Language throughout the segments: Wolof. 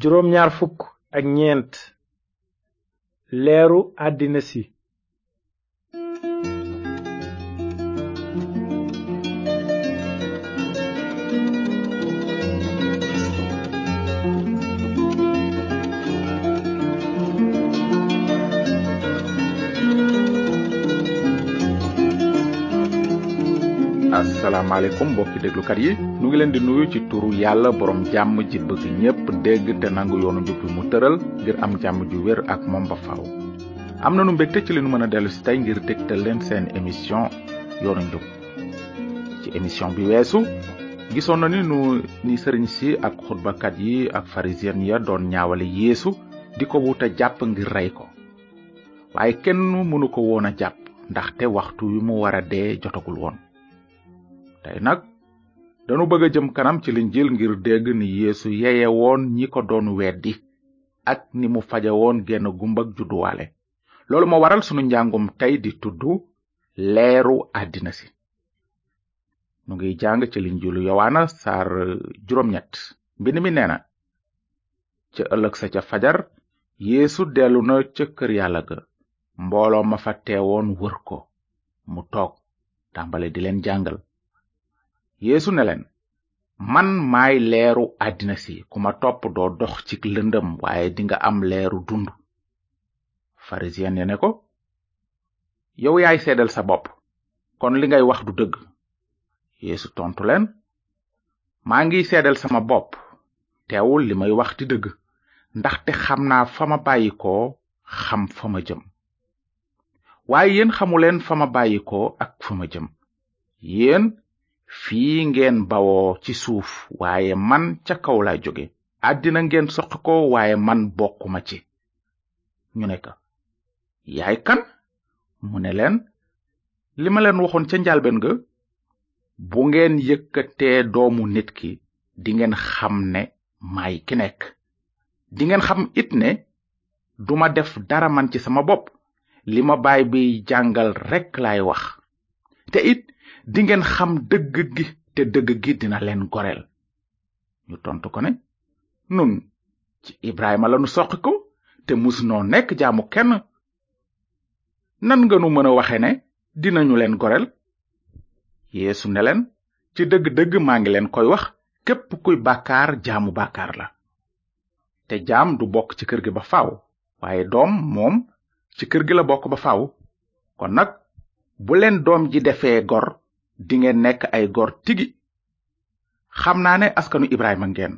juróom ñaar fukk ak ñeent leeru àddina si asalaamaaleykum mbokki déglukat yi nu ngi leen di nuyu ci turu yàlla borom jàmm ji bëgg ñépp dégg te nangu yoonu njub bi mu tëral ngir am jàmm ju wér ak moom ba faaw. am nanu mbégte ci li nu mën a dellu si tey ngir tegtal leen seen émission yoonu njub ci émission bi weesu gisoon na ni nu ni sëriñ si ak xutbakat yi ak pharisien ya doon ñaawale yéesu di ko wuta jàpp ngir rey ko waaye kenn mënu ko woon a jàpp ndaxte waxtu wi mu war a dee jotagul woon tey nag dañu bëgg a jëm kanam ci linjiil ngir dégg ni yéesu yeyewoon ñi ko doon weddi ak ni mu fajewoon woon genn gumbak judduwaale loolu moo waral sunu njàngum tey di tuddu leeru àddina si nu ngi jàng ci linjiilu yowaana saar juróom ñett mbind mi nee na ca ëllëg sa ca fajar yéesu dellu na ca kër yàlla ga mbooloo ma fa teewoon wër ko mu toog tàmbali di leen jàngal yeesu ne leen man maay leeru àddina si ku ma topp doo dox ci lëndëm waaye dinga am leeru dund farisiyen ya ne ko yow yaay seddal sa bopp kon li ngay wax du dëgg yésu tontu leen maa ngi seddal sama bopp teewul li may wax di dëgg ndaxte xam naa fa ma bàyyikoo xam fa ma jëm waaye yéen xamuleen fa ma bàyyikoo ak fa ma jëm yéen fii ngeen bawoo ci suuf waaye man ca kaw laa jóge àddina ngeen soqi ko waaye man bokkuma ci ñu ne ko yaay kan mu ne leen li ma leen waxoon ca njaalbeen ga bu ngeen yëkkatee doomu nit ki dingeen xam ne may ki nekk dingeen xam it ne duma def dara man ci sama bopp li ma baay bi jàngal rekk lay wax te it dingeen xam dëgg gi te dëgg gi dina leen goreel ñu tontu ko ne nun ci ibrahima lanu soqi ko te mus noo nekk jaamu kenn nan nga nu mën a waxe ne dinañu leen goreel yéesu ne leen ci dëgg-dëgg maa ngi leen koy wax képp kuy bàkkaar jaamu bàkkaar la te jaam du bokk ci kër gi ba faaw waaye doom moom ci kër gi la bokk ba faw kon nag bu leen doom ji defee gor dingeen nekk ay gor tigi xam naa ne askanu Ibrahima ngeen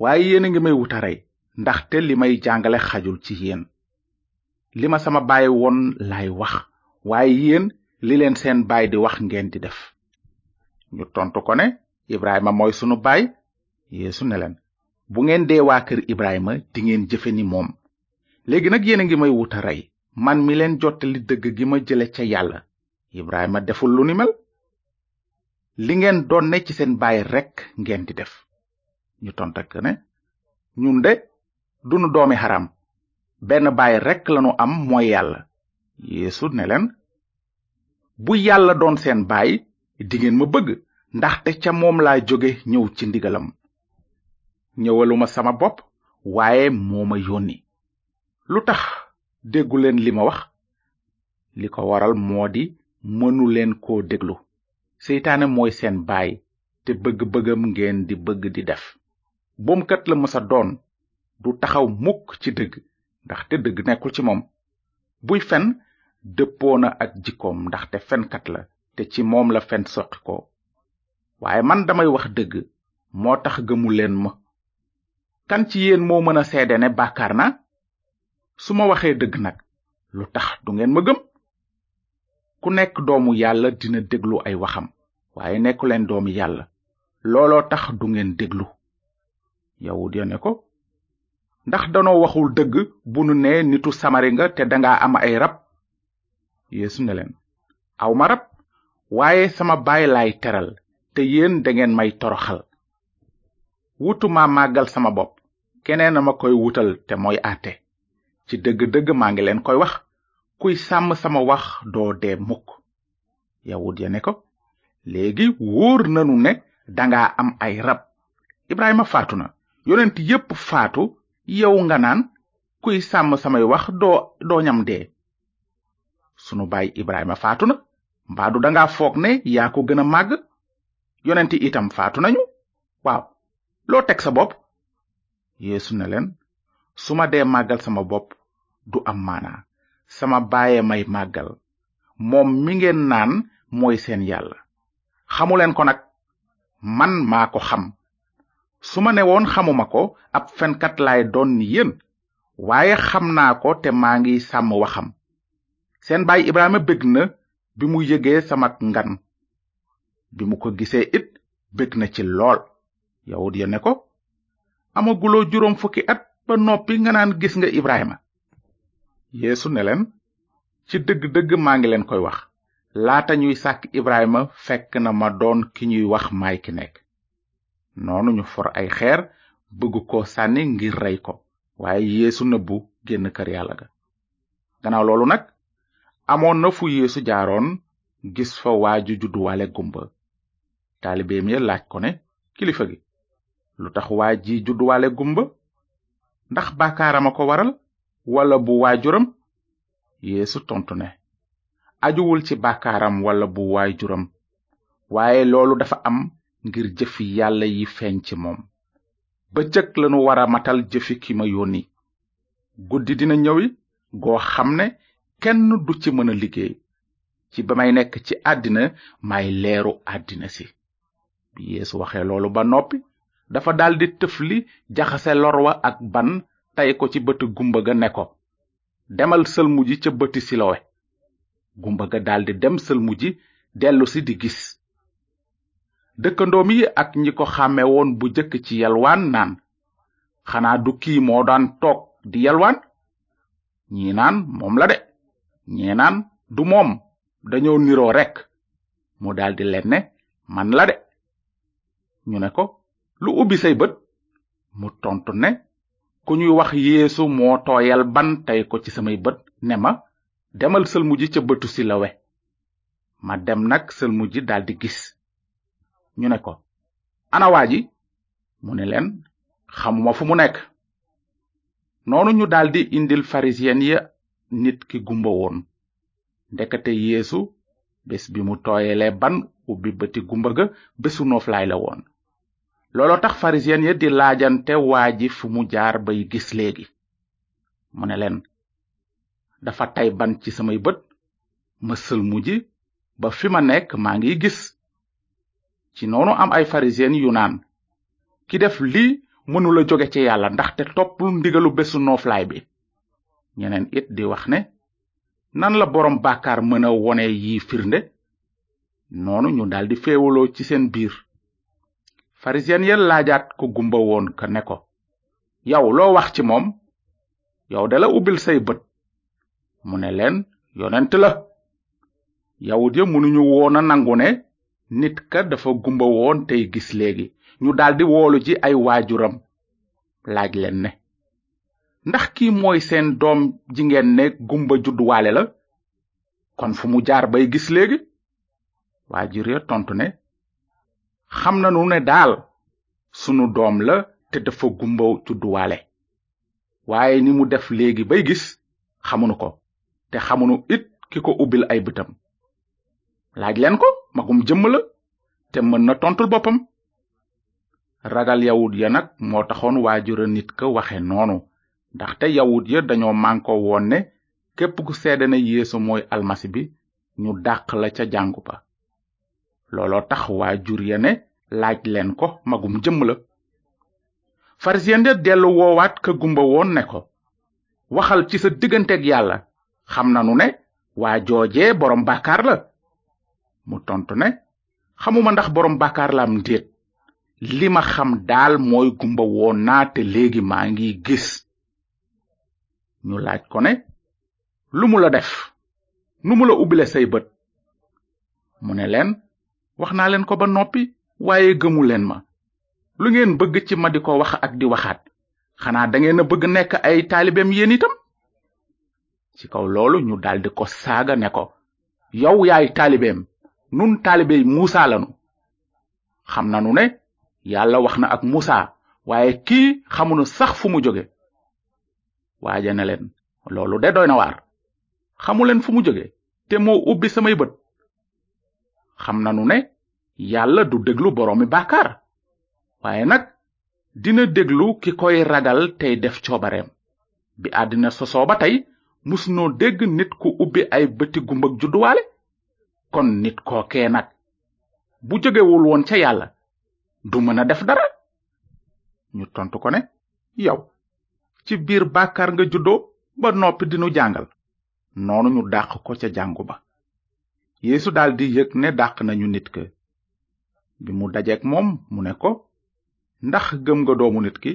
waaye yéen a ngi may wuta rey ndaxte li may jàngale xajul ci yéen li ma sama baay woon laay wax waaye yéen li leen seen baay di wax ngeen di def ñu tontu ko ne Ibrahima mooy sunu baay Yeesu ne bu ngeen dee waa kër Ibrahima di ngeen jëfe ni moom léegi nag yéen a ngi may wuta rey man mi leen jottali dëgg gi ma jële ca yàlla Ibrahima deful lu ni mel li ngeen doon ne ci seen baay rekk ngeen di def ñu tontak ne ñun de dunu doomi xaram benn baay rekk lanu am moo yàlla yeesu ne bu yàlla doon seen baay dingeen ma bëgg ndaxte ca moom laa jóge ñëw ci ndigalam ñëwaluma sama bopp waaye moo ma yónni lu tax dégguleen li ma wax li ko waral moo di mënuleen koo déglu seytaane mooy seen baay te bëgg-bëggam ngeen di bëgg di def boomkat la mësa doon du taxaw mukk ci dëgg ndaxte dëgg nekkul ci moom buy fen dëppoona ak jikkoom ndaxte fenkat la te ci moom la fen soqi waaye man damay wax dëgg moo tax gëmu leen ma kan ci yéen moo mën a seede ne bàkkaar na su ma waxee dëgg nag lu tax du ngeen ma gëm ku nekk doomu yàlla dina déglu ay waxam waaye nekkuleen doomi yàlla looloo tax du ngeen déglu yawut ya ne ko ndax danoo waxul dëgg bu nu nee nitu samari nga te danga am ay rab yeesu ne leen aw rab waaye sama baay laay teral te yéen dangeen may toroxal wutuma màggal sama bopp keneen a ma koy wutal te mooy àtte ci dëgg-dëgg maa ngi leen koy wax kuy sàmm sama wax doo dee mukk yawut ya ne ko léegi wóor nanu ne danga am ay rab ibrahima faatu na yonent yépp faatu yow nga naan kuy sàmm samay wax doo doo ñam dee sunu baay ibrahima faatu na mbaadu danga foog ne yaa ko gën a màgg yonent itam faatu nañu waaw loo teg sa bopp ne leen su ma dee màggal sama bopp du am maana sama baaye may màggal moom mi ngeen naan mooy seen yàlla xamuleen ko nag man maa ko xam su ma ne woon xamuma ko ab fenkat lay doon ni yéen waaye xam naa ko te maa ngi sàmm waxam seen baay Ibrahima bég na bi mu yëgee sama ngan bi mu ko gisee it bég na ci lool yawut ya ne ko amaguloo juróom fukki at ba noppi nga naan gis nga Ibrahima yeesu ne leen ci dëgg-dëgg maa ngi leen koy wax laata ñuy sàkk ibrahima fekk na ma doon ki ñuy wax may ki nekk noonu ñu for ay xeer bëgg ko sànni ngir rey ko waaye yeesu nëbbu genn kër yàlla ga gannaaw loolu nag amoon na fu yeesu jaaroon gis fa waaju judduwaale gumba taalibeem ya laaj ko ne kilifa lu tax waa ji judduwaale gumba ndax baakaarama ko waral wala bu waajuram yeesu tontu ne ajuwul ci bàkkaaram wala bu waajuram waaye loolu dafa am ngir jëfi yàlla yi feeñ ci moom ba bëccëg lanu war a matal jëfi ki ma yónni guddi dina ñëwi goo xam ne kenn du ci mën a liggéey ci ba may nekk ci àddina may leeru àddina si bi yeesu waxee loolu ba noppi dafa daldi tëfli jaxase lor wa ak ban tey ko ci bët gumba ne ko demal sëlmu ji ca bëti silowe gumba daldi dem sëlmu ji dellu di gis dëkkandoom yi ak ñi ko xàmme woon bu jëkk ci yalwaan naan xanaa du kii moo daan toog di yalwaan ñi naan moom la de ñi naan du moom dañoo niroo rekk mu daldi leen ne man la de ñu ne ko lu ubbi say bët mu tontu ne ku ñuy wax yéesu moo tooyal ban tey ko ci samay bët ne ma demal sëlmu ji ca bëtu silowe ma dem nag sëlmu ji daldi gis ñu ne ko ana waa ji mu ne leen xamuma fu mu nekk noonu ñu daldi indil farisiyen ya nit ki gumba woon ndekete yéesu bés bi mu tooyalee ban ubbi bëti gumba ga bésu nooflaay la woon looloo tax pharisien ya di laajante waa ji fu mu jaar bay gis léegi mu ne leen dafa tay ban ci samay bët ma sëlmu ji ba fi ma nekk maa ngi gis ci noonu am ay pharisien yu naan ki def li mënula jóge ci yàlla ndaxte topp ndigalu bésu nooflaay bi ñeneen it di wax ne nan la boroom bàkkaar mën a wone yi firnde noonu ñu daldi féewaloo ci seen biir farisiyen ya laajaat ku gumba woon ka ne ko yow loo wax ci moom yow de la ubbil say bët mu ne leen yonent la yawut ya mënuñu woon a nangu ne nit ka dafa gumba woon tey gis léegi ñu daldi woolu ci ay waajuram laaj leen ne ndax kii mooy seen doom ji ngeen ne gumba judduwaale la kon fu mu jaar bay gis léegi waajur ya tontu ne xam nanu ne daal sunu doom la te dafa gumba judduwaale waaye ni mu def léegi bay gis xamunu ko te xamunu it ki ko ubbil ay bëtam laaj leen ko magum jëmm la te mën na tontul boppam ragal yawut ya nag moo taxoon a nit ka waxe noonu ndaxte yawut ya dañoo mànkoo woon ne képp ku seede na yéesu mooy almasi bi ñu dàq la ca jàngu ba looloo tax jur ya ne laaj leen ko magum jëmm la farisiyen ya dellu woowaat ka gumba woon ne ko waxal ci sa digganteeg yàlla xam nanu ne waa jooje boroom bàkkaar la mu tontu ne xamuma ndax boroom bàkkaar la am déet li ma xam daal mooy gumba woon te léegi maa ngi gis ñu laaj ko ne lu la def numu mu la ubbile say bët mu ne leen wax naa leen ko ba noppi waaye gëmu leen ma lu ngeen bëgg ci ma di ko wax ak di waxaat xanaa dangeen a bëgg nekk ay taalibeem yéen itam ci kaw loolu ñu daldi ko saaga ne ko yow yaay taalibeem nun taalibey muusa lanu xam nanu ne yàlla wax na ak muusa waaye kii xamunu sax fu mu jóge waaja ne leen loolu de doy na waar leen fu mu jóge te moo ubbi samay bët xam nanu ne yàlla du déglu boroomi bàkkaar waaye nag dina déglu ki koy ragal tey def coobareem bi àddina sosoo ba tey mus dégg nit ku ubbi ay bëti gumbag judduwaale kon nit kookee nag bu jógewul woon ca yàlla du mën a def dara ñu tontu ko ne yow ci biir bàkkaar nga juddoo ba noppi dinu jàngal noonu ñu dàq ko ca jàngu ba yeesu daldi yëg ne dàq nañu nit ka bi mu dajeek moom mu ne ko ndax gëm nga doomu nit ki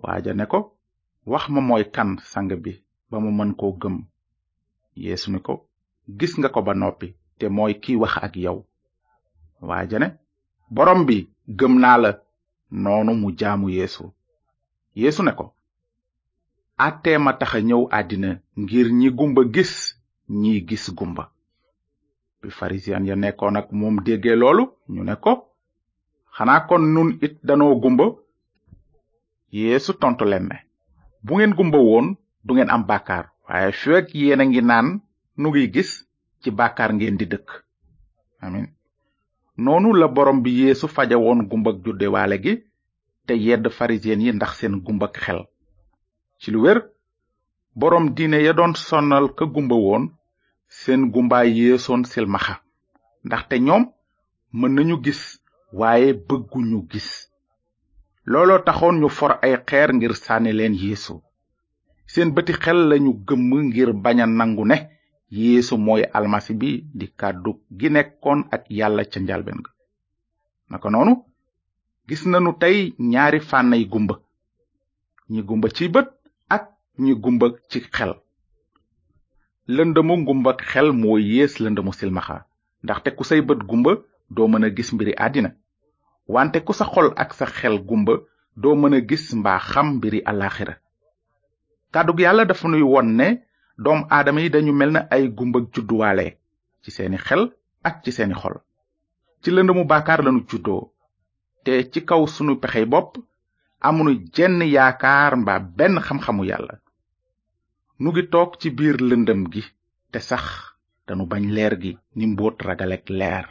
waaja ne ko wax ma mooy kan sang bi ba ma mën koo gëm yeesu ne ko gis nga ko ba noppi te mooy kiy wax ak yow waaja ne borom bi gëm naa la noonu mu jaamu yeesu yeesu ne ko àttee ma a ñëw àddina ngir ñi gumba gis ñiy gis gumba bi farisiyen ya nekkoon ak moom déggee loolu ñu ne ko xanaa kon nun it danoo gumba yeesu tontu leen bu ngeen gumba woon du ngeen am bàkkaar waaye fekk yéen a ngi naan nu ngi gis ci bàkkaar ngeen di dëkk noonu la borom bi yéesu faja woon gumbak juddewaale gi te yedd farisiyen yi ndax seen gumbak xel ci lu wér boroom diine ya doon sonal ka gumba woon seen gumbaay yeesoon silmaxa ndaxte ñoom mën nañu gis waaye bëgguñu gis looloo taxoon ñu for ay xeer ngir sànni leen yeesu seen bëti xel lañu gëmm ngir baña a nangu ne yeesu mooy almasi bi di kàddu gi nekkoon ak yàlla ca njalben ga naka noonu gis nañu tey ñaari fànnay gumba ñi gumba ci bët ak ñi gumba ci xel lëndëmu ngumbak xel moo yées lëndëmu silmaxa ndaxte ku say bët gumba doo mën a gis mbiri àddina wante ku sa xol ak sa xel gumba doo mën a gis mbaa xam mbiri alaxira kàddug yàlla dafa nuy won ne doom aadama yi dañu mel na ay gumba judduwaale ci seeni xel ak ci seeni xol ci lëndëmu baakaar lanu juddoo te ci kaw sunu pexey bopp amunu jenn yaakaar mbaa benn xam-xamu yàlla nu ngi toog ci biir lëndëm gi te sax danu bañ leer gi ni mbóot ragalek leer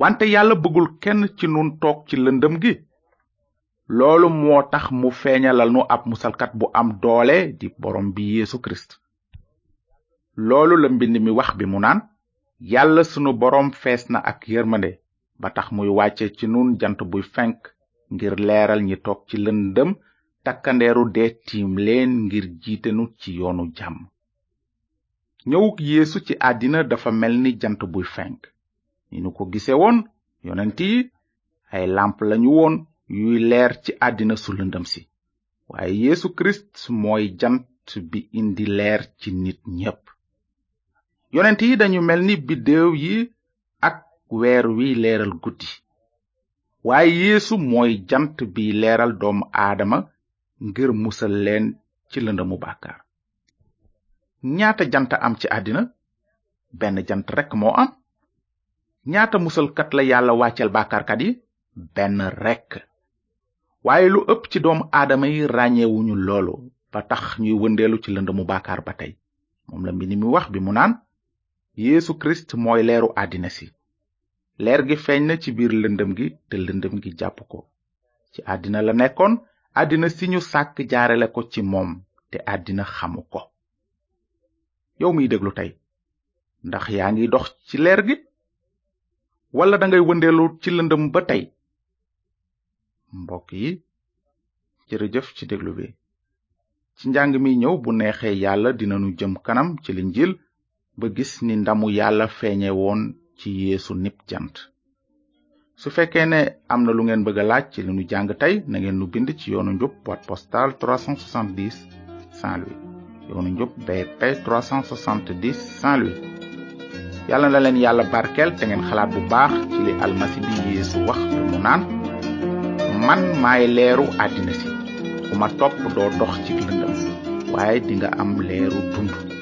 wante yàlla bëggul kenn ci nun toog ci lëndëm gi loolu moo tax mu feeñalal nu ab musalkat bu am doole di borom bi yeesu kirist loolu la mbind mi wax bi mu naan yàlla sunu boroom fees na ak yërmande ba tax muy wàcce ci nun jant buy fenk ngir leeral ñi toog ci lëndëm takkandeeru dee leen ngir jiitenu ci yoonu jàmm ñëwuk yeesu ci àddina dafa mel ni jant buy fenk ni nu ko gise woon yonent yi ay làmp lañu woon yuy leer ci àddina su lëndëm si waaye yéesu kirist mooy jant bi indi leer ci nit ñépp yonent yi dañu mel ni biddéew yi ak weer wi leeral guddi waaye yeesu mooy jant bi leeral doomu aadama ngir musal leen ci lëndamu bàkkaar ñaata jant am ci àddina benn jant rekk moo am ñaata musalkat la yàlla wàccel bàkkaarkat yi benn rekk waaye lu ëpp ci doom aadama yi ràññewuñu loolu ba tax ñuy wëndeelu ci lëndamu bàkkaar ba tey moom la mbind mi wax bi mu naan yeesu kirist mooy leeru àddina si leer gi feeñ na ci biir lëndëm gi te lëndëm gi jàpp ko ci àddina la nekkoon àddina si ñu sàkk jaarale ko ci moom te àddina xamu ko yow miy déglu tey ndax yaa ngi dox ci leer gi wala dangay wëndeelu ci lëndëm ba tey mbokk yi jërëjëf ci déglu bi ci njàng mi ñëw bu neexee yàlla dinañu jëm kanam ci linjil ba gis ni ndamu yàlla feeñe woon ci yeesu nib jant su fekkee ne am na lu ngeen bëgg a laaj ci li nu jàng tey na ngeen nu bind ci yoonu njub boîte postale 370 Saint-Louis yoonu njub BP 370 Saint-Louis yàlla na leen yàlla barkeel te ngeen xalaat bu baax ci li almasi bi Yeesu wax bi mu naan man maay leeru àddina si ku ma topp doo dox ci lëndëm waaye dinga am leeru dund